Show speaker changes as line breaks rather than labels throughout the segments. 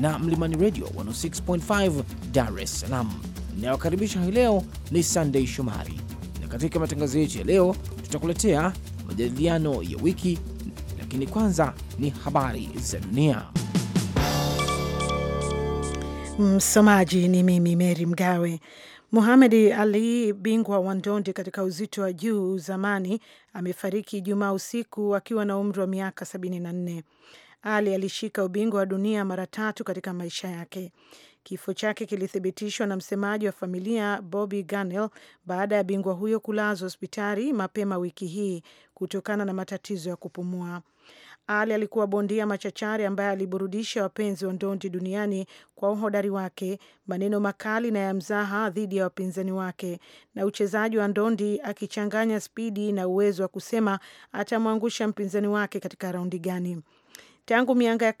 na Mlimani Radio 106.5 Dar es Salaam. Inayokaribisha hii leo ni Sunday Shomari, na katika matangazo yetu ya leo tutakuletea majadiliano ya wiki, lakini kwanza ni habari za dunia.
Msomaji ni mimi Meri Mgawe. muhamedi Ali, bingwa wa ndondi katika uzito wa juu zamani, amefariki Ijumaa usiku akiwa na umri wa miaka 74. Ali alishika ubingwa wa dunia mara tatu katika maisha yake. Kifo chake kilithibitishwa na msemaji wa familia Bobby Garnell baada ya bingwa huyo kulazwa hospitali mapema wiki hii kutokana na matatizo ya kupumua. Ali alikuwa bondia machachari ambaye aliburudisha wapenzi wa ndondi duniani kwa uhodari wake, maneno makali na ya mzaha dhidi ya wapinzani wake, na uchezaji wa ndondi akichanganya spidi na uwezo wa kusema atamwangusha mpinzani wake katika raundi gani. Tangu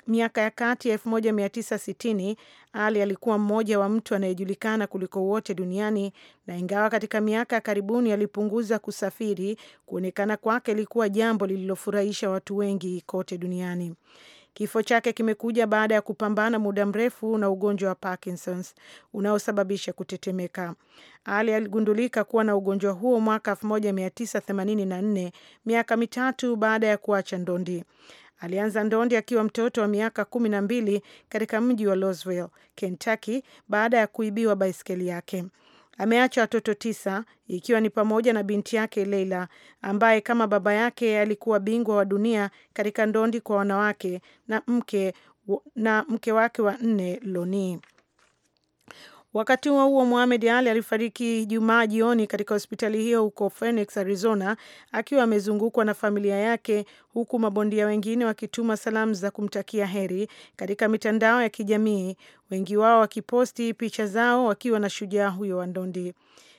miaka ya kati ya 1960 Ali alikuwa mmoja wa mtu anayejulikana kuliko wote duniani, na ingawa katika miaka ya karibuni alipunguza kusafiri, kuonekana kwake ilikuwa jambo lililofurahisha watu wengi kote duniani. Kifo chake kimekuja baada ya kupambana muda mrefu na ugonjwa wa Parkinsons unaosababisha kutetemeka. Ali aligundulika kuwa na ugonjwa huo mwaka 1984, miaka mitatu baada ya kuacha ndondi. Alianza ndondi akiwa mtoto wa miaka kumi na mbili katika mji wa Louisville, Kentucky baada ya kuibiwa baiskeli yake. Ameacha watoto tisa ikiwa ni pamoja na binti yake Leila ambaye kama baba yake alikuwa bingwa wa dunia katika ndondi kwa wanawake na mke, na mke wake wa nne Loni. Wakati huo huo, muhamed Ali alifariki Jumaa jioni katika hospitali hiyo huko Phoenix, Arizona, akiwa amezungukwa na familia yake, huku mabondia wengine wakituma salamu za kumtakia heri katika mitandao ya kijamii, wengi wao wakiposti picha zao wakiwa na shujaa huyo wa ndondi.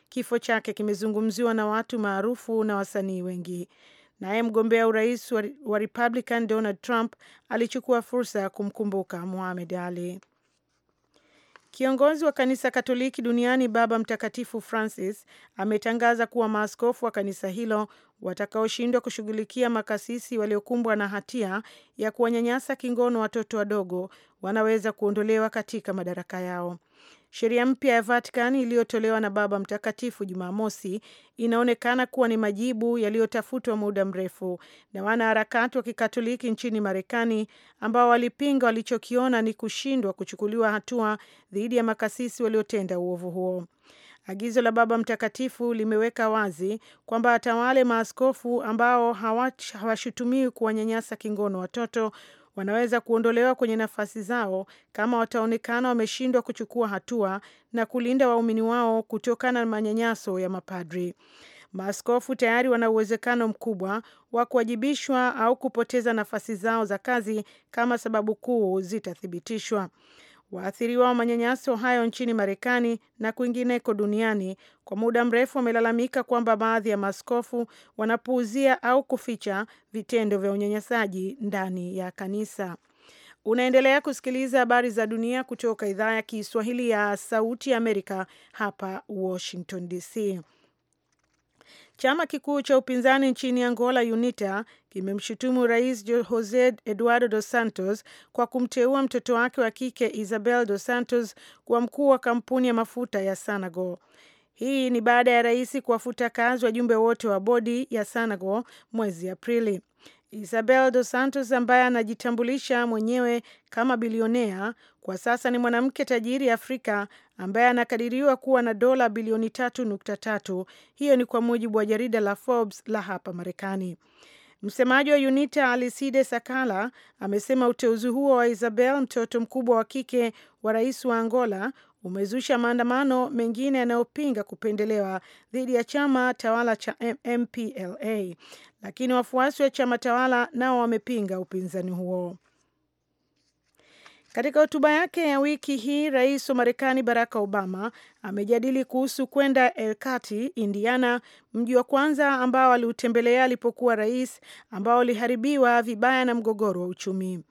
Kifo chake kimezungumziwa na watu maarufu na wasanii wengi. Naye mgombea urais wa Republican Donald Trump alichukua fursa ya kumkumbuka muhamed Ali. Kiongozi wa kanisa Katoliki duniani Baba Mtakatifu Francis ametangaza kuwa maaskofu wa kanisa hilo watakaoshindwa kushughulikia makasisi waliokumbwa na hatia ya kuwanyanyasa kingono watoto wadogo wanaweza kuondolewa katika madaraka yao. Sheria mpya ya Vatican iliyotolewa na Baba Mtakatifu Jumamosi inaonekana kuwa ni majibu yaliyotafutwa muda mrefu na wanaharakati wa Kikatoliki nchini Marekani ambao walipinga walichokiona ni kushindwa kuchukuliwa hatua dhidi ya makasisi waliotenda uovu huo. Agizo la Baba Mtakatifu limeweka wazi kwamba hata maaskofu ambao hawashutumiwi kuwanyanyasa kingono watoto wanaweza kuondolewa kwenye nafasi zao kama wataonekana wameshindwa kuchukua hatua na kulinda waumini wao kutokana na manyanyaso ya mapadri. Maaskofu tayari wana uwezekano mkubwa wa kuwajibishwa au kupoteza nafasi zao za kazi kama sababu kuu zitathibitishwa. Waathiriwa wa manyanyaso hayo nchini Marekani na kwingineko duniani kwa muda mrefu wamelalamika kwamba baadhi ya maaskofu wanapuuzia au kuficha vitendo vya unyanyasaji ndani ya kanisa. Unaendelea kusikiliza habari za dunia kutoka idhaa ya Kiswahili ya Sauti ya Amerika hapa Washington DC. Chama kikuu cha upinzani nchini Angola, UNITA, kimemshutumu Rais Jose Eduardo Dos Santos kwa kumteua mtoto wake wa kike Isabel Dos Santos kuwa mkuu wa kampuni ya mafuta ya Sanagol. Hii ni baada ya rais kuwafuta kazi wajumbe wote wa bodi ya Sanagol mwezi Aprili. Isabel Dos Santos ambaye anajitambulisha mwenyewe kama bilionea kwa sasa ni mwanamke tajiri Afrika ambaye anakadiriwa kuwa na dola bilioni tatu nukta tatu. Hiyo ni kwa mujibu wa jarida la Forbes la hapa Marekani. Msemaji wa UNITA Aliside Sakala amesema uteuzi huo wa Isabel, mtoto mkubwa wa kike wa rais wa Angola, umezusha maandamano mengine yanayopinga kupendelewa dhidi ya chama tawala cha MPLA, lakini wafuasi wa chama tawala nao wamepinga upinzani huo. Katika hotuba yake ya wiki hii, rais wa Marekani Barack Obama amejadili kuhusu kwenda elkati Indiana, mji wa kwanza ambao aliutembelea alipokuwa rais, ambao uliharibiwa vibaya na mgogoro wa uchumi.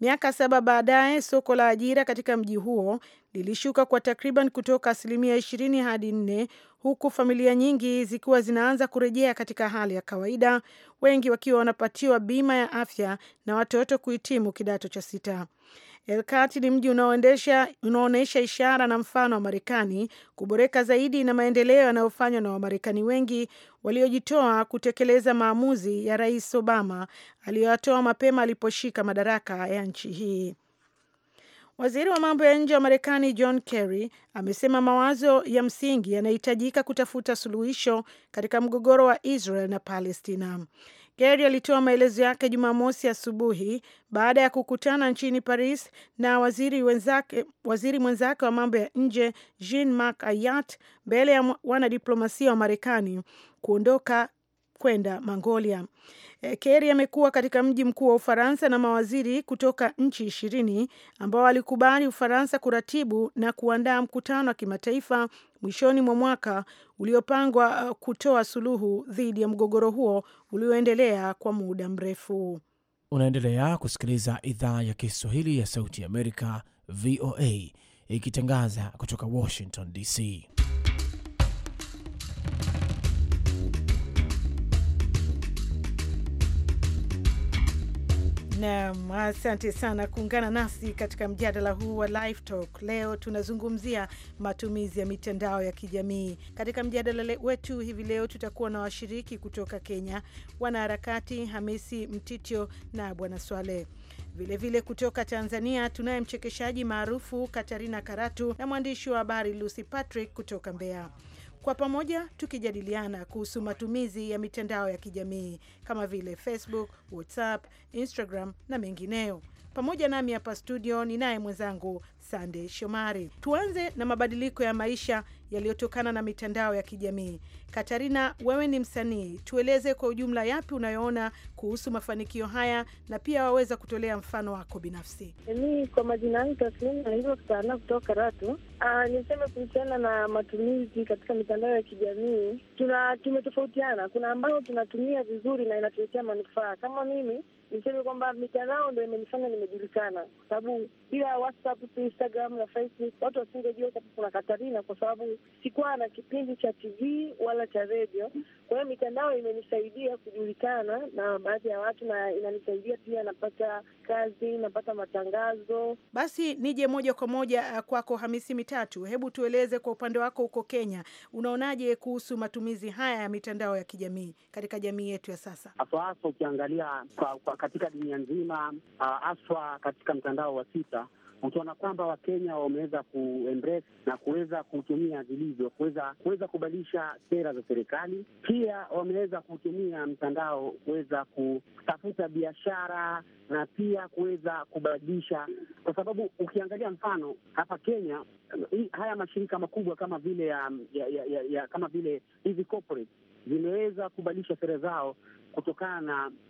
Miaka saba baadaye, soko la ajira katika mji huo lilishuka kwa takriban kutoka asilimia ishirini hadi nne huku familia nyingi zikiwa zinaanza kurejea katika hali ya kawaida, wengi wakiwa wanapatiwa bima ya afya na watoto kuhitimu kidato cha sita. Elkati ni mji unaoonyesha ishara na mfano wa Marekani kuboreka zaidi na maendeleo yanayofanywa na Wamarekani wengi waliojitoa kutekeleza maamuzi ya Rais Obama aliyoyatoa mapema aliposhika madaraka ya nchi hii. Waziri wa mambo ya nje wa Marekani John Kerry amesema mawazo ya msingi yanahitajika kutafuta suluhisho katika mgogoro wa Israel na Palestina. Kerry alitoa maelezo yake Jumamosi asubuhi ya baada ya kukutana nchini Paris na waziri wenzake, waziri mwenzake wa mambo ya nje Jean Marc Ayat mbele ya wanadiplomasia wa Marekani kuondoka kwenda Mongolia. Eh, Kerry amekuwa katika mji mkuu wa Ufaransa na mawaziri kutoka nchi ishirini ambao walikubali Ufaransa kuratibu na kuandaa mkutano wa kimataifa mwishoni mwa mwaka uliopangwa eh, kutoa suluhu dhidi ya mgogoro huo ulioendelea kwa muda mrefu.
Unaendelea kusikiliza idhaa ya Kiswahili ya Sauti ya Amerika, VOA, ikitangaza kutoka Washington DC.
Naam, asante sana kuungana nasi katika mjadala huu wa Live Talk. Leo tunazungumzia matumizi ya mitandao ya kijamii. Katika mjadala wetu hivi leo tutakuwa na washiriki kutoka Kenya, wanaharakati Hamisi Mtitio na Bwana Swale. Vilevile kutoka Tanzania tunaye mchekeshaji maarufu Katarina Karatu na mwandishi wa habari Lucy Patrick kutoka Mbeya kwa pamoja tukijadiliana kuhusu matumizi ya mitandao ya kijamii kama vile Facebook, WhatsApp, Instagram na mengineyo. Pamoja nami hapa studio ni naye mwenzangu Sande Shomari. Tuanze na mabadiliko ya maisha yaliyotokana na mitandao ya kijamii. Katarina, wewe ni msanii, tueleze kwa ujumla yapi unayoona kuhusu mafanikio haya, na pia waweza kutolea mfano wako binafsi.
Mimi kwa majina yangu taslimu naitwa Kitana kutoka Karatu. Ah, niseme kuhusiana na matumizi katika mitandao ya kijamii, tuna tumetofautiana. Kuna ambayo tunatumia vizuri na inatuletea manufaa. Kama mimi niseme kwamba mitandao ndo imenifanya nimejulikana, kwa sababu bila WhatsApp, Instagram na Facebook watu wasingejua kuna Katarina, kwa sababu sikuwa na kipindi cha TV wala chama cha redio. Kwa hiyo mitandao imenisaidia kujulikana na baadhi ya watu na inanisaidia pia, napata kazi, napata matangazo.
Basi nije moja kwa moja eh, kwako Hamisi Mitatu, hebu tueleze kwa upande wako huko Kenya, unaonaje kuhusu matumizi haya ya mitandao ya kijamii katika jamii yetu ya sasa,
haswa haswa ukiangalia kwa, kwa katika dunia nzima, ah, haswa katika mtandao wa Twitter utaona kwamba Wakenya wameweza kuembrace na kuweza kutumia vilivyo, kuweza kuweza kubadilisha sera za serikali. Pia wameweza kutumia mtandao kuweza kutafuta biashara na pia kuweza kubadilisha, kwa sababu ukiangalia mfano hapa Kenya haya mashirika makubwa kama vile ya, ya, ya, ya kama vile hizi corporate zimeweza kubadilisha sera zao kutokana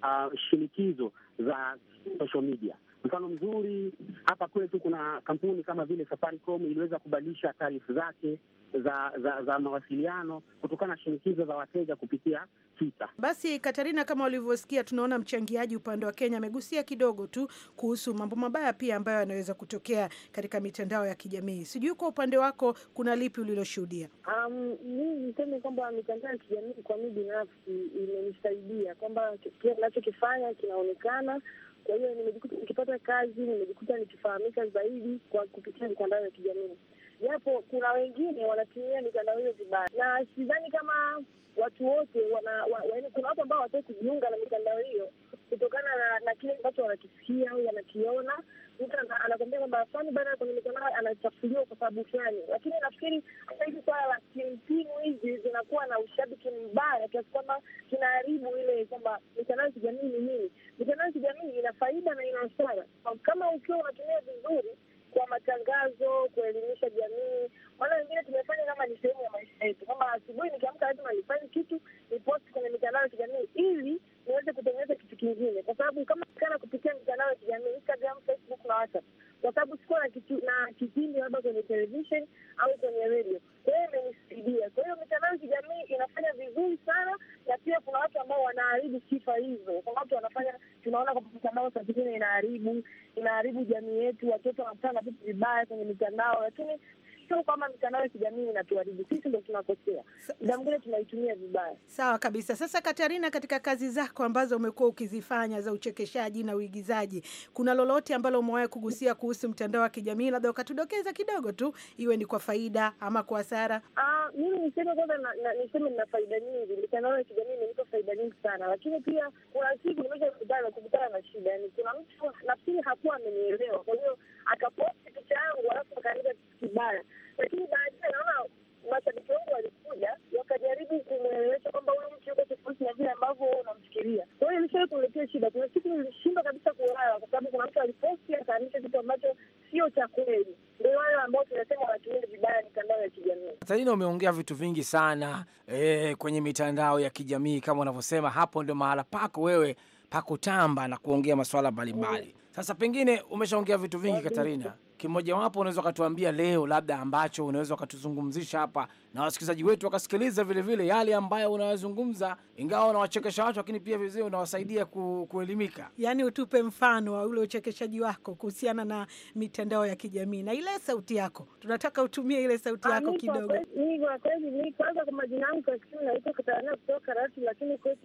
na uh, shinikizo za social media. Mfano mzuri hapa kwetu kuna kampuni kama vile Safaricom iliweza kubadilisha taarifu zake za, za za mawasiliano kutokana na shinikizo za wateja kupitia Twitter.
Basi Katarina, kama ulivyosikia, tunaona mchangiaji upande wa Kenya amegusia kidogo tu kuhusu mambo mabaya pia ambayo yanaweza kutokea katika mitandao ya kijamii. Sijui kwa upande wako kuna lipi uliloshuhudia?
Um, mimi niseme kwamba mitandao ya kijamii kwa mimi binafsi imenisaidia kwamba kile kinachokifanya kinaonekana kwa hiyo nimejikuta nikipata kazi, nimejikuta nikifahamika zaidi kwa kupitia mitandao ya kijamii, japo kuna wengine wanatumia mitandao hiyo vibaya, na sidhani kama watu wote wana, wa, wa, kuna watu ambao hawataki kujiunga na mitandao hiyo kutokana na, na kile ambacho wanakisikia au wanakiona. Mtu anakwambia kwamba fani bana kwenye mitandao anachafuliwa kwa sababu fulani, lakini nafikiri hata hivi swala la timu hizi zinakuwa na ushabiki mbaya kiasi kwamba kinaharibu ile kwamba mitandao ya kijamii ni nini. Mitandao ya kijamii ina faida na ina hasara. Kama ukiwa unatumia vizuri kwa matangazo, kuelimisha jamii. Maana wengine tumefanya kama ni sehemu ya maisha yetu, kwamba asubuhi nikiamka lazima nifanye kitu, niposti kwenye mitandao ya kijamii ili niweze kutengeneza kitu kingine, kwa sababu kama kana kupitia mitandao ya kijamii Instagram, Facebook na WhatsApp kwa sababu sikuwa na kitu na kipindi labda kwenye television au kwenye redio. Kwa hiyo imenisaidia. Kwa hiyo mitandao ya kijamii inafanya vizuri sana, na pia kuna watu ambao wanaharibu sifa hizo. Kuna watu wanafanya, tunaona kwamba mitandao saa zingine inaharibu inaharibu jamii yetu, watoto wanakutana na vitu vibaya kwenye mitandao, lakini sio kwamba mitandao ya kijamii inatuharibu sisi, ndo tunakosea muda mwingine tunaitumia
vibaya. Sawa kabisa. Sasa Katarina, katika kazi zako ambazo umekuwa ukizifanya za uchekeshaji na uigizaji, kuna lolote ambalo umewahi kugusia kuhusu mtandao wa kijamii, labda ukatudokeza kidogo tu, iwe ni kwa faida ama kwa hasara? Ah, mimi niseme kwanza, niseme nina faida
nyingi. Mitandao ya kijamii imenipa faida nyingi sana, lakini pia kuna siku nimesha kukutana kukutana na shida, yani kuna mtu nafikiri hakuwa amenielewa, kwa hiyo akaposti picha yangu alafu akaandika kitu kibaya lakini baadaye naona mashabiki wangu walikuja wakajaribu kumwelewesha kwamba huyu mtu yuko tofauti na vile ambavyo unamfikiria. Kwa hiyo ilishawahi kuletea shida. Kuna siku nilishindwa kabisa kulala, kwa sababu kuna mtu aliposti akaandika kitu ambacho sio cha kweli. Ndio wale ambao tunasema wanatumia vibaya mitandao ya kijamii.
Salina, umeongea vitu vingi sana e, kwenye mitandao ya kijamii kama unavyosema hapo, ndio mahala pako wewe pakutamba na kuongea masuala mbalimbali. Sasa pengine umeshaongea vitu vingi Katarina kimojawapo unaweza ukatuambia leo labda ambacho unaweza ukatuzungumzisha hapa na wasikilizaji wetu wakasikiliza vilevile yale ambayo unayozungumza, ingawa unawachekesha watu, lakini pia vilevile unawasaidia ku, kuelimika.
yani utupe mfano wa ule uchekeshaji wako kuhusiana na mitandao ya kijamii na ile sauti yako, tunataka utumie ile sauti yako kidogo.
Ni kwa kweli, mi kwanza, kwa majina yangu naitwa Katarina kutoka Karatu, lakini kwetu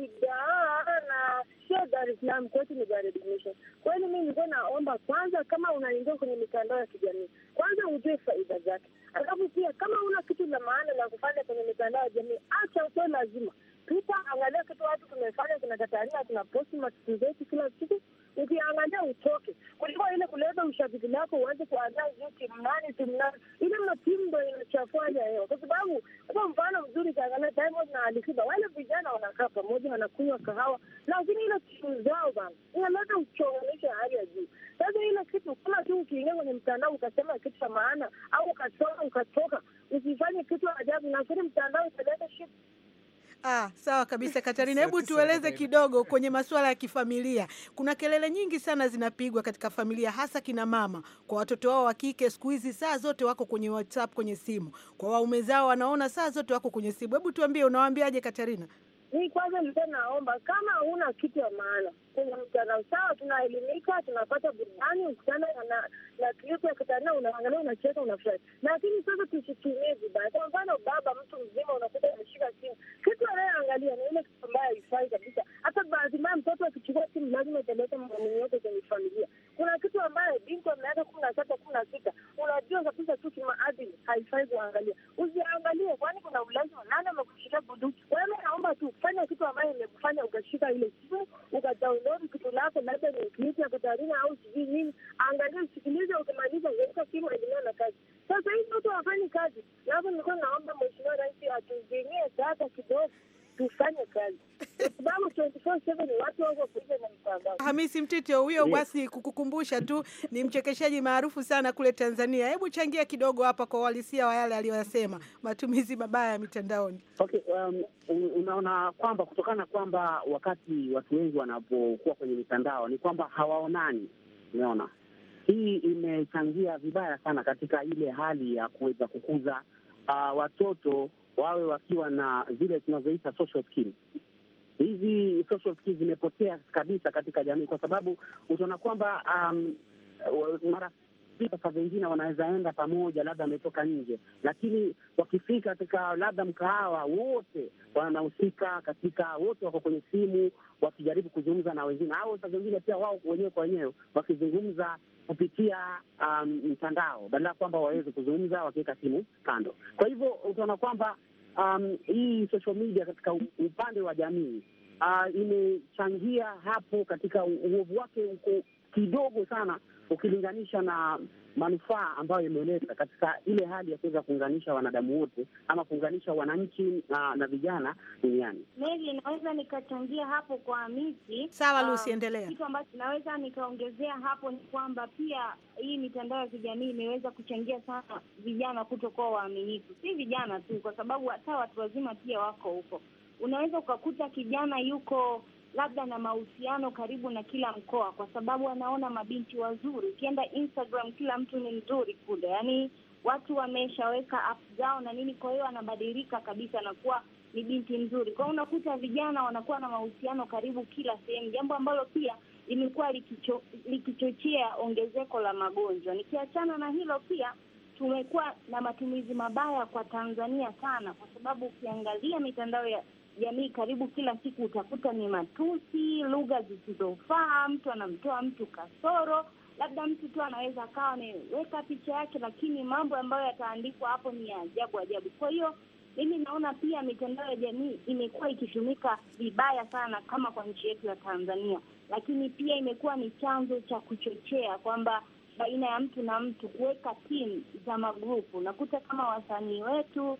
sio Dar es Salaam, kwetu ni Dar es Salaam. Kweli mi nilikuwa naomba kwanza, kama unaingia kwenye mitandao ya kijamii kwanza ujue faida zake Alafu pia kama una kitu la maana la kufanya kwenye mitandao ya jamii, acha utoe lazima ukipita angalia kitu watu tumefanya, tunakatalia, tunaposti matutu zetu kila siku, ukiangalia utoke kuliko ile kuleta ushabiki lako uweze kuandaa juu timu nani timu nani. Ile matimu ndo inachafua hewa, kwa sababu kwa mfano mzuri kaangalia Diamond na Alikiba, wale vijana wanakaa pamoja, wanakunywa kahawa, lakini ile timu zao bana inaleta uchonganisha hali ya juu. Sasa ile kitu kama tu ukiingia kwenye mtandao ukasema kitu cha maana au ukasoma ukatoka, usifanye kitu ajabu, nafikiri mtandao italeta shida.
Ah, sawa kabisa Katarina, hebu tueleze kidogo kwenye masuala ya kifamilia. Kuna kelele nyingi sana zinapigwa katika familia, hasa kina mama kwa watoto wao wa kike. Siku hizi saa zote wako kwenye WhatsApp, kwenye simu, kwa waume zao wanaona saa zote wako kwenye simu. Hebu tuambie, unawaambiaje Katarina? Mi kwanza nilikuwa naomba kama huna kitu ya maana kwenye mtandao, sawa,
tunaelimika, tunapata burudani, ukutana na na klipu ya kitandao, unaangalia, unacheka, unafurahi, lakini sasa tushitumie vibaya. Kwa mfano, baba mtu mzima unakuta nashika simu, kitu anayeangalia ni ile kitu ambayo haifai kabisa. Hata bahati mbaya mtoto akichukua simu lazima italeta mwamini yote kwenye familia. Kuna kitu ambayo binti wa miaka kumi na saba kumi na sita unajua kabisa tu kimaadili haifai kuangalia, usiangalie, kwani kuna ulezi nani amekushika bunduki ambayo imekufanya ukashika ile simu ukadownload kitu lako, labda ni klip ya kutarina au sijui nini. Angalia, usikilize, ukimaliza uweka simu, endelea na kazi. Sasa hivi watu hawafanyi kazi, labda hapo nilikuwa naomba Mheshimiwa Rais atuzingie data kidogo Hamisi
Mtito huyo, basi kukukumbusha tu, ni mchekeshaji maarufu sana kule Tanzania. Hebu changia kidogo hapa kwa uhalisia wa yale aliyoyasema, matumizi mabaya ya mitandaoni.
Okay, um, unaona kwamba kutokana kwamba wakati watu wengi wanapokuwa kwenye mitandao ni kwamba hawaonani, umeona hii imechangia vibaya sana katika ile hali ya kuweza kukuza uh, watoto wawe wakiwa na zile tunazoita social skills. Hizi social skills zimepotea kabisa katika jamii, kwa sababu utaona kwamba um, marafiki sasa vingine wanaweza enda pamoja, labda ametoka nje, lakini wakifika katika labda mkahawa, wote wanahusika katika, wote wako kwenye simu wakijaribu kuzungumza na wengine, au saa zingine pia wao wenyewe kwa wenyewe wakizungumza kupitia um, mtandao um, badala ya kwamba waweze kuzungumza wakiweka simu kando. Kwa hivyo utaona kwamba um, hii social media katika upande wa jamii uh, imechangia hapo katika uovu wake uko kidogo sana ukilinganisha na manufaa ambayo imeeleza katika ile hali ya kuweza kuunganisha wanadamu wote ama kuunganisha wananchi na, na vijana duniani.
Meli, inaweza nikachangia hapo kwa miti sawa. Uh, Lucy, endelea. Kitu ambacho naweza nikaongezea hapo ni kwamba pia hii mitandao ya kijamii imeweza kuchangia sana vijana kutokuwa waaminifu, si vijana tu, kwa sababu hata watu wazima pia wako huko. Unaweza ukakuta kijana yuko labda na mahusiano karibu na kila mkoa, kwa sababu anaona mabinti wazuri. Ukienda Instagram kila mtu ni mzuri kule, yaani watu wameshaweka app zao na nini, kwa hiyo anabadilika kabisa na kuwa ni binti mzuri. Kwa hiyo unakuta vijana wanakuwa na mahusiano karibu kila sehemu, jambo ambalo pia limekuwa likicho, likichochea ongezeko la magonjwa. Nikiachana na hilo, pia tumekuwa na matumizi mabaya kwa Tanzania sana, kwa sababu ukiangalia mitandao ya jamii karibu kila siku utakuta ni matusi, lugha zisizofaa, mtu anamtoa mtu kasoro. Labda mtu tu anaweza akawa ameweka picha yake, lakini mambo ambayo yataandikwa hapo ni ya ajabu ajabu. Kwa hiyo mimi naona pia mitandao ya jamii imekuwa ikitumika vibaya sana kama kwa nchi yetu ya Tanzania, lakini pia imekuwa ni chanzo cha kuchochea kwamba baina ya mtu na mtu kuweka timu za magrupu. Nakuta kama wasanii wetu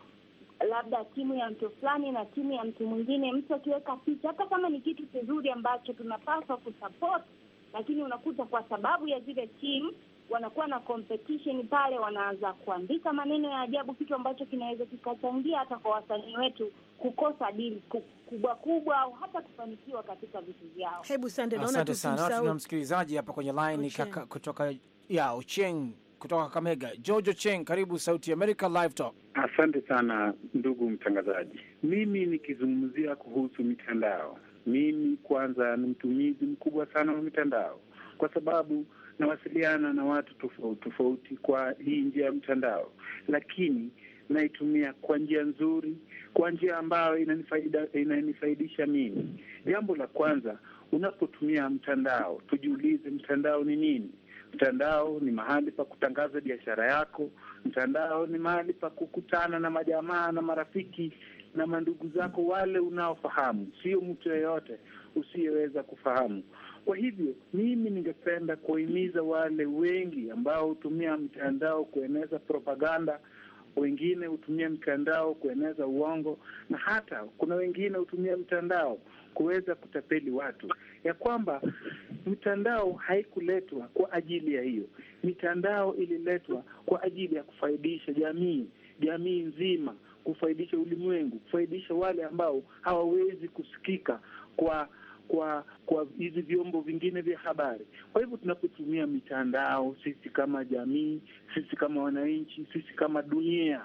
labda timu ya mtu fulani na timu ya mtu mwingine, mtu akiweka picha, hata kama ni kitu kizuri ambacho tunapaswa kusupport, lakini unakuta kwa sababu ya zile timu wanakuwa na competition pale, wanaanza kuandika maneno ya ajabu, kitu ambacho kinaweza kikachangia hata kwa wasanii wetu kukosa dili kubwa kubwa au hata kufanikiwa katika vitu
vyao. Hebu sande, naona tumsahau
msikilizaji hapa kwenye line kutoka ya Ocheng kutoka Kamega. Jojo Cheng, karibu Sauti America Live Talk.
Asante sana ndugu mtangazaji. Mimi nikizungumzia kuhusu mitandao, mimi kwanza ni mtumizi mkubwa sana wa mitandao, kwa sababu nawasiliana na watu tofauti tofauti kwa hii njia ya mtandao, lakini naitumia kwa njia nzuri, kwa njia ambayo inanifaidisha mimi. Jambo la kwanza unapotumia mtandao, tujiulize mtandao ni nini? Mtandao ni mahali pa kutangaza biashara yako. Mtandao ni mahali pa kukutana na majamaa na marafiki na mandugu zako wale unaofahamu, sio mtu yeyote usiyeweza kufahamu. Kwa hivyo mimi ningependa kuhimiza wale wengi ambao hutumia mtandao kueneza propaganda wengine hutumia mtandao kueneza uongo, na hata kuna wengine hutumia mtandao kuweza kutapeli watu, ya kwamba mitandao haikuletwa kwa ajili ya hiyo. Mitandao ililetwa kwa ajili ya kufaidisha jamii, jamii nzima, kufaidisha ulimwengu, kufaidisha wale ambao hawawezi kusikika kwa kwa kwa hivi vyombo vingine vya habari. Kwa hivyo tunapotumia mitandao, sisi kama jamii, sisi kama wananchi, sisi kama dunia,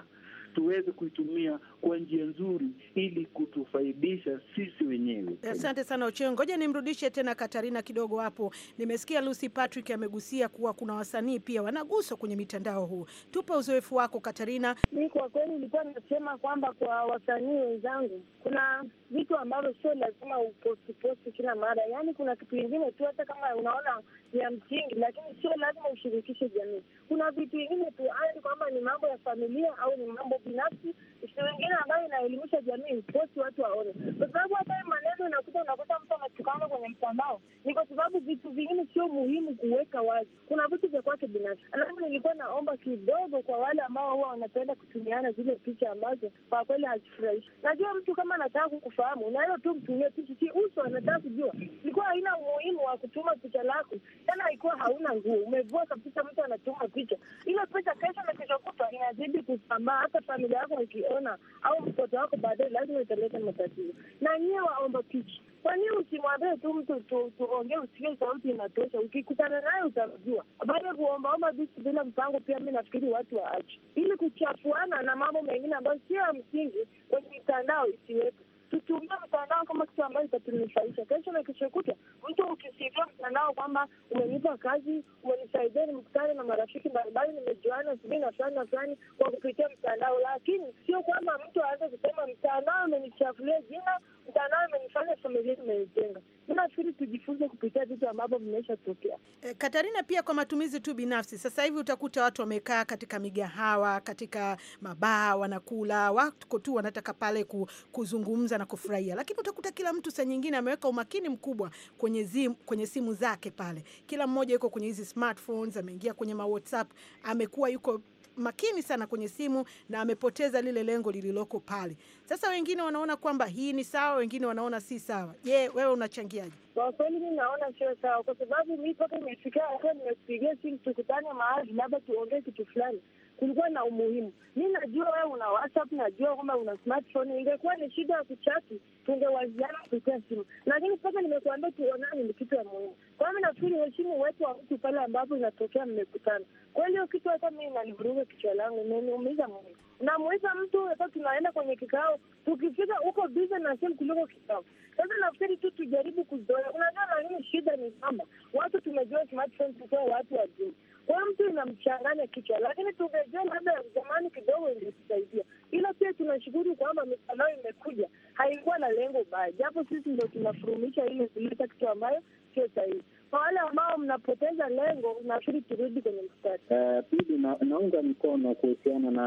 tuweze kuitumia kwa njia nzuri ili kutufaidisha sisi wenyewe. Asante
sana Ochieng, ngoja nimrudishe tena Katarina kidogo hapo. Nimesikia Lucy Patrick amegusia kuwa kuna wasanii pia wanaguswa kwenye mitandao huu. Tupe uzoefu wako Katarina. Mi kwa kweli nilikuwa nasema kwamba kwa wasanii wenzangu, kuna
vitu ambavyo sio lazima upostiposti kila mara, yaani kuna kitu ingine tu hata kama unaona ya msingi, lakini sio lazima ushirikishe jamii. Kuna vitu ingine tu, kwamba ni mambo ya familia au ni mambo binafsi, vitu maneno ambayo inaelimisha jamii, wote watu waone, kwa sababu hata maneno inakuta, unakuta mtu anatukana kwenye mtandao, ni kwa sababu vitu vingine sio muhimu kuweka wazi. Kuna vitu vya kwake binafsi. Alafu nilikuwa naomba kidogo kwa wale ambao huwa wanapenda kutumiana zile picha ambazo kwa kweli hazifurahishi. Najua mtu kama anataka kukufahamu, unaweza tu mtumie picha, si uso anataka kujua. Ilikuwa haina umuhimu wa kutuma picha lako, tena ilikuwa hauna nguo, umevua kabisa, mtu anatuma picha ile picha, kesho na kesho kutwa inazidi kusambaa, hata familia yako ikiona au mtoto wako baadaye lazima italeta matatizo. Na nyie waomba pichi, kwa nini usimwambie tu mtu tuongee, usikie sauti inatosha? Ukikutana naye utajua Baada ya kuombaomba vitu bila mpango, pia mi nafikiri watu waache, ili kuchafuana na mambo mengine ambayo sio ya msingi kwenye mitandao isiwepo tusitumia mtandao kama kitu ambayo itatunufaisha kesho na kesho kutwa. Mtu ukisikia mtandao kwamba umenipa kazi, umenisaidia, nimekutana na marafiki mbalimbali, nimejuana sijui na fulani na fulani kwa kupitia mtandao, lakini sio kwamba mtu aanze kusema mtandao amenichafulia jina, mtandao amenifanya familia imeijenga. Nafikiri tujifunze kupitia vitu ambavyo vimeshatokea.
Eh, Katarina, pia kwa matumizi tu binafsi, sasa hivi utakuta watu wamekaa katika migahawa, katika mabaa, wanakula wako tu, wanataka pale kuzungumza na na kufurahia, lakini utakuta kila mtu saa nyingine ameweka umakini mkubwa kwenye, zim, kwenye simu zake pale, kila mmoja yuko kwenye hizi smartphones, ameingia kwenye ma WhatsApp, amekuwa yuko makini sana kwenye simu na amepoteza lile lengo lililoko pale. Sasa wengine wanaona kwamba hii ni sawa, wengine wanaona si sawa. Je, yeah, wewe unachangiaje? Kwa kweli mi naona sio sawa, kwa sababu mi
toka nimefikia hapa nimepigia simu tukutane mahali, labda tuongee kitu fulani kulikuwa na umuhimu. Mi najua wewe una WhatsApp, najua kwamba una smartphone. Ingekuwa ni shida ya kuchati, tungewaziana kupitia simu, lakini sasa nimekuambia tuonane, ni kitu ya muhimu. Kwa hiyo nafikiri heshimu uwepo wa mtu pale ambapo inatokea mmekutana. Kwa hiyo kitu hata mi nalivuruga kichwa langu, imeniumiza mwili. namuiza mtu hata tunaenda kwenye kikao, tukifika uko biza na simu kuliko kikao. Sasa nafikiri tu tujaribu kuzoea. Unajua lakini shida ni kwamba watu tumejua smartphone tukiwa watu wazima kwa mtu inamchanganya kichwa, lakini tungejua labda ya zamani kidogo ingetusaidia. Ila pia tunashukuru kwamba mitandao imekuja, haikuwa na lengo baya, japo sisi ndo tunafurumisha ili kuleta kitu ambayo sio sahihi. Kwa wale ambao mnapoteza lengo, nafikiri turudi kwenye mstari.
Uh, pili, na, naunga mkono kuhusiana na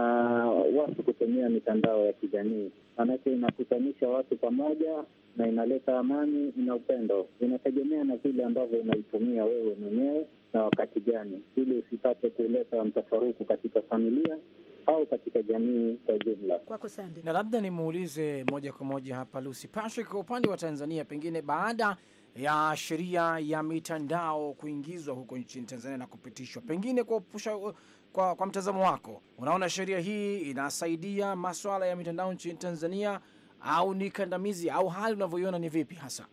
watu kutumia mitandao ya kijamii, manake inakutanisha watu pamoja na inaleta amani na upendo. Inategemea na vile ambavyo unaitumia wewe mwenyewe na wakati gani, ili usipate kuleta mtafaruku katika familia
au katika jamii kwa jumla.
Na labda nimuulize moja kwa moja hapa Lucy Patrick, kwa upande wa Tanzania, pengine baada ya sheria ya mitandao kuingizwa huko nchini Tanzania na kupitishwa, pengine kwa, kwa, kwa mtazamo wako, unaona sheria hii inasaidia maswala ya mitandao nchini Tanzania au ni kandamizi au hali unavyoiona ni vipi hasa?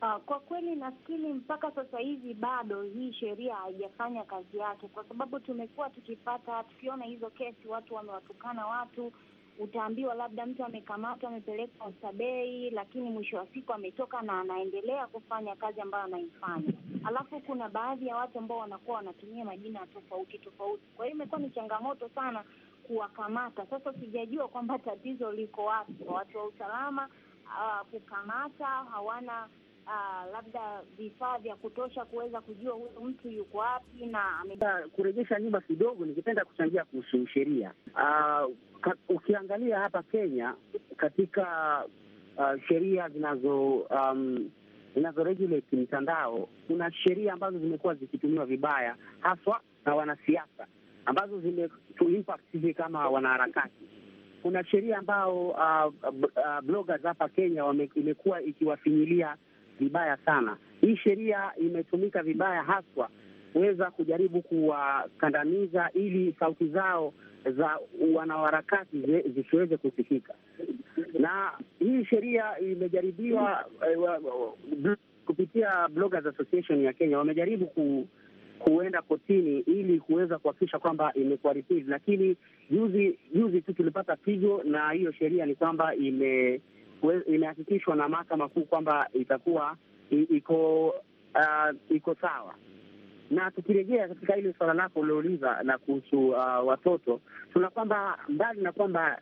Ah, kwa kweli nafikiri mpaka sasa hivi bado hii sheria haijafanya kazi yake, kwa sababu tumekuwa tukipata, tukiona hizo kesi, watu wamewatukana watu utaambiwa labda mtu amekamatwa amepelekwa Usabei, lakini mwisho wa siku ametoka na anaendelea kufanya kazi ambayo anaifanya. Alafu kuna baadhi ya watu ambao wanakuwa wanatumia majina tofauti tofauti, kwa hiyo imekuwa ni changamoto sana kuwakamata. Sasa sijajua kwamba tatizo liko wapi, watu wa usalama uh, kukamata hawana uh, labda vifaa vya kutosha kuweza kujua huyu mtu yuko wapi na
kurejesha nyumba kidogo. Ningependa kuchangia kuhusu sheria. Ah, ukiangalia hapa Kenya katika uh, sheria zinazo um, zinazoregulate mtandao, kuna sheria ambazo zimekuwa zikitumiwa vibaya haswa na wanasiasa ambazo zimetuimpact sisi kama wanaharakati. Kuna sheria ambao uh, bloggers hapa Kenya imekuwa ikiwafinyilia vibaya sana. Hii sheria imetumika vibaya haswa kuweza kujaribu kuwakandamiza ili sauti zao za wanaharakati zisiweze kusikika, na hii sheria imejaribiwa eh, kupitia Bloggers Association ya Kenya wamejaribu ku kuenda kotini ili kuweza kuhakikisha kwamba imekuwa lakini juzi juzi tu tulipata pigo na hiyo sheria ni kwamba ime imehakikishwa na mahakama kuu kwamba itakuwa iko uh, iko sawa. Na tukirejea katika ile suala lako uliouliza la kuhusu uh, watoto, tuna kwamba mbali na kwamba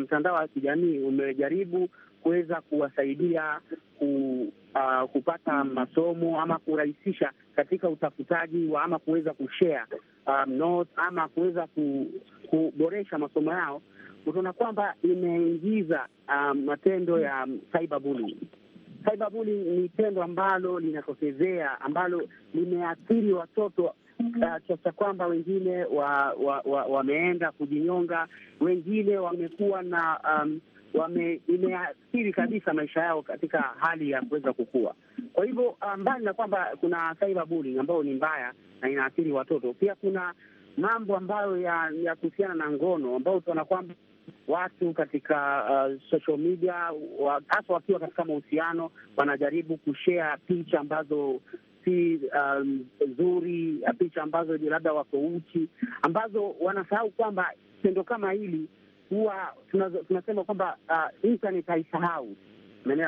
mtandao um, um, wa kijamii umejaribu kuweza kuwasaidia ku, uh, kupata masomo ama kurahisisha katika utafutaji wa ama kuweza kushare um, notes ama kuweza ku, kuboresha masomo yao, utaona kwamba imeingiza um, matendo ya um, cyber bullying. ni tendo ambalo linatokezea ambalo limeathiri watoto Uh, cha kwamba wengine wameenda wa, wa, wa kujinyonga, wengine wamekuwa na um, wame, imeathiri kabisa maisha yao katika hali ya kuweza kukua. Kwa hivyo uh, mbali na kwamba kuna cyber ambayo ni mbaya na inaathiri watoto, pia kuna mambo ambayo ya, ya kuhusiana na ngono ambayo utaona kwamba watu katika uh, social media hasa wakiwa katika mahusiano wanajaribu kushea picha ambazo si um, nzuri, picha ambazo labda wako uchi, ambazo wanasahau kwamba tendo kama hili huwa tunasema kwamba uh, internet haisahau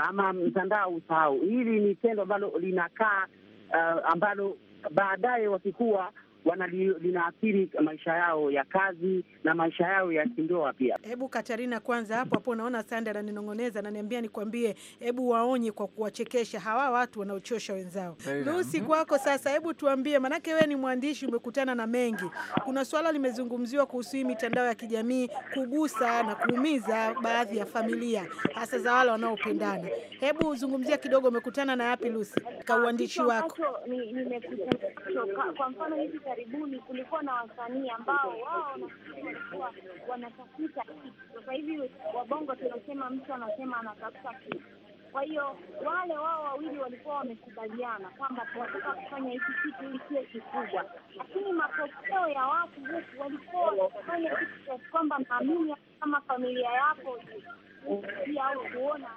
ama mtandao usahau. Hili ni tendo ambalo linakaa uh, ambalo baadaye wakikuwa wanalinaathiri linaathiri maisha yao ya kazi na maisha yao ya kindoa pia.
Hebu Katarina, kwanza hapo hapo, naona Sanda ananinong'oneza ananiambia nikwambie, hebu waonye kwa kuwachekesha hawa watu wanaochosha wenzao. Lusi, mm-hmm. kwako sasa, hebu tuambie, manake wewe ni mwandishi, umekutana na mengi. Kuna swala limezungumziwa kuhusu hii mitandao ya kijamii kugusa na kuumiza baadhi ya familia, hasa za wale wanaopendana. Hebu zungumzia kidogo, umekutana na yapi Lusi, kwa uandishi wako?
karibuni kulikuwa na wasanii ambao wao walikuwa wanatafuta kitu. Sasa hivi wabongo tunasema mtu anasema anatafuta kitu. Kwa hiyo wale wao wawili walikuwa wamekubaliana kwamba tunataka kufanya hiki kitu ili kiwe kikubwa, lakini mapokeo ya watu huku walikuwa wakifanya kitu cha kwamba naamini kama familia yako pia au kuona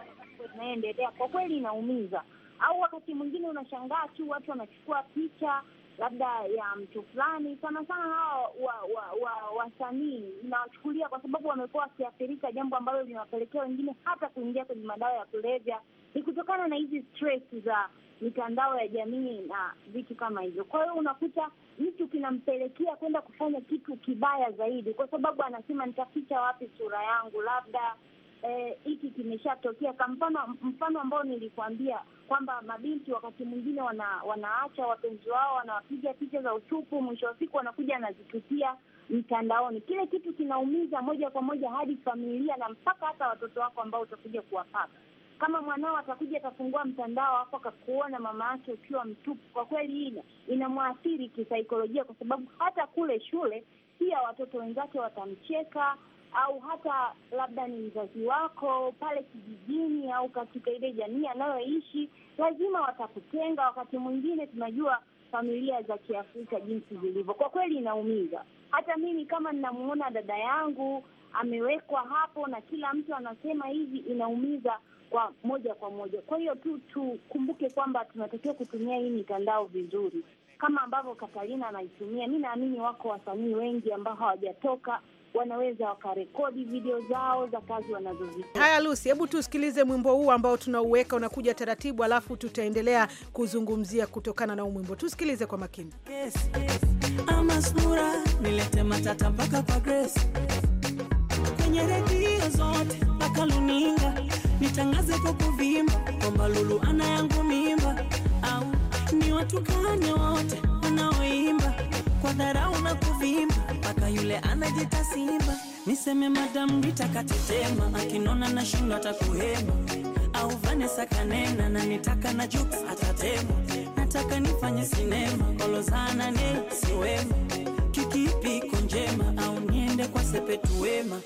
inaendelea, kwa kweli inaumiza. Au wakati mwingine unashangaa tu watu wanachukua picha labda ya mtu fulani. Sana sana hawa wasanii wa, wa, wa inawachukulia kwa sababu wamekuwa wakiathirika, jambo ambalo linawapelekea wengine hata kuingia kwenye madawa ya kulevya, ni kutokana na hizi stress za mitandao ya jamii na vitu kama hivyo. Kwa hiyo unakuta mtu kinampelekea kwenda kufanya kitu kibaya zaidi, kwa sababu anasema nitaficha wapi sura yangu, labda Eh, hiki eh, kimeshatokea. Kwa mfano mfano ambao nilikuambia kwamba mabinti wakati mwingine wana, wanaacha wapenzi wao, wanawapiga picha za utupu, mwisho wa siku wanakuja anazitupia mtandaoni. Kile kitu kinaumiza moja kwa moja hadi familia na mpaka hata watoto wako ambao utakuja kuwapaka kama mwanao atakuja atafungua mtandao hapo akakuona mama yake ukiwa mtupu, kwa kweli ina inamwathiri kisaikolojia, kwa sababu hata kule shule pia watoto wenzake watamcheka, au hata labda ni mzazi wako pale kijijini au katika ile jamii anayoishi, lazima watakutenga. Wakati mwingine tunajua familia za Kiafrika jinsi zilivyo, kwa kweli inaumiza. Hata mimi kama ninamwona dada yangu amewekwa hapo na kila mtu anasema hivi, inaumiza kwa moja kwa moja. Kwa hiyo tu tukumbuke kwamba tunatakiwa kutumia hii mitandao vizuri, kama ambavyo Katarina anaitumia. Mi naamini wako wasanii wengi ambao hawajatoka wanaweza wakarekodi video zao za kazi wanazozifanya. Haya,
Lucy, hebu tusikilize mwimbo huu ambao tunauweka unakuja taratibu, alafu tutaendelea kuzungumzia kutokana na huu mwimbo. Tusikilize kwa makini. Yes, yes. Ama sura nilete matata mpaka kwa Grace kwenye redio zote mpaka luninga nitangaze kwa kuvimba kwamba Lulu ana yangu mimba, au ni watukane wote wanaoimba kwa dharau na kuvimba, mpaka yule anajita simba. Niseme madamu Rita katetema, akinona na shindwa atakuhema, au vanesa kanena na nitaka na Jux atatema, nataka nifanye sinema, kolozana ne siwema, kikipiko njema, au niende kwa Sepetu Wema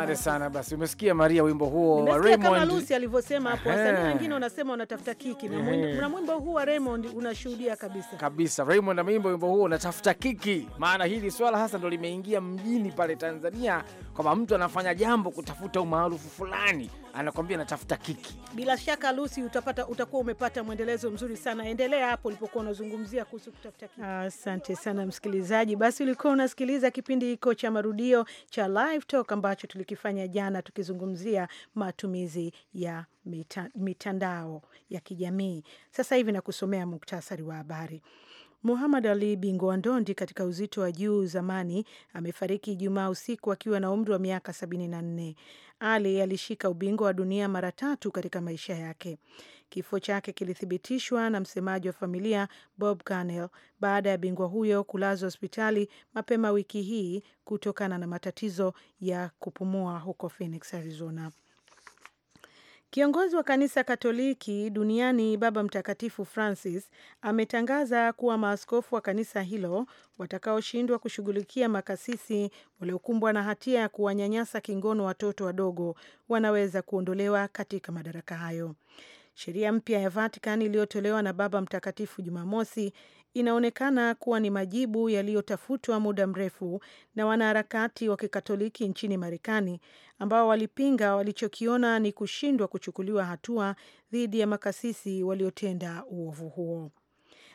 Asante
sana. Basi umesikia Maria, wimbo huo wa Raymond kama Lucy
alivyosema hapo. Wasanii wengine wanasema wanatafuta kiki na yeah. mwimbo huu wa Raymond unashuhudia kabisa
kabisa, Raymond ameimba wimbo huo unatafuta kiki, maana hili swala hasa ndo limeingia mjini pale Tanzania, kwamba mtu anafanya jambo kutafuta umaarufu fulani anakwambia natafuta kiki.
Bila shaka Lucy, utapata utakuwa umepata mwendelezo mzuri sana. Endelea hapo ulipokuwa unazungumzia kuhusu kutafuta kiki. Asante sana msikilizaji, basi ulikuwa unasikiliza kipindi hiko cha marudio cha Live Talk ambacho tulikifanya jana, tukizungumzia matumizi ya mitandao ya kijamii. Sasa hivi nakusomea muktasari wa habari. Muhamad Ali Bingwa Ndondi katika uzito wa juu zamani amefariki Ijumaa usiku akiwa na umri wa miaka sabini na nne. Ali alishika ubingwa wa dunia mara tatu katika maisha yake. Kifo chake kilithibitishwa na msemaji wa familia Bob Canel baada ya bingwa huyo kulazwa hospitali mapema wiki hii kutokana na matatizo ya kupumua huko Phoenix, Arizona. Kiongozi wa kanisa Katoliki duniani Baba Mtakatifu Francis ametangaza kuwa maaskofu wa kanisa hilo watakaoshindwa kushughulikia makasisi waliokumbwa na hatia ya kuwanyanyasa kingono watoto wadogo wanaweza kuondolewa katika madaraka hayo. Sheria mpya ya Vatican iliyotolewa na Baba Mtakatifu Jumamosi inaonekana kuwa ni majibu yaliyotafutwa muda mrefu na wanaharakati wa Kikatoliki nchini Marekani ambao walipinga walichokiona ni kushindwa kuchukuliwa hatua dhidi ya makasisi waliotenda uovu huo.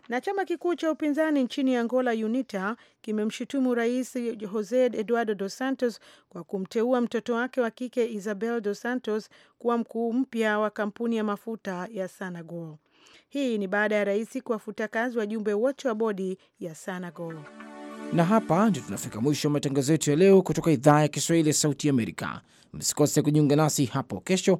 Na chama kikuu cha upinzani nchini Angola, UNITA, kimemshutumu Rais Jose Eduardo Dos Santos kwa kumteua mtoto wake wa kike Isabel Dos Santos kuwa mkuu mpya wa kampuni ya mafuta ya Sanagol. Hii ni baada ya rais kuwafuta kazi wajumbe wote wa bodi ya Sanagol.
Na hapa ndio tunafika mwisho wa matangazo yetu ya leo kutoka idhaa ya Kiswahili ya Sauti Amerika. Msikose kujiunga nasi hapo kesho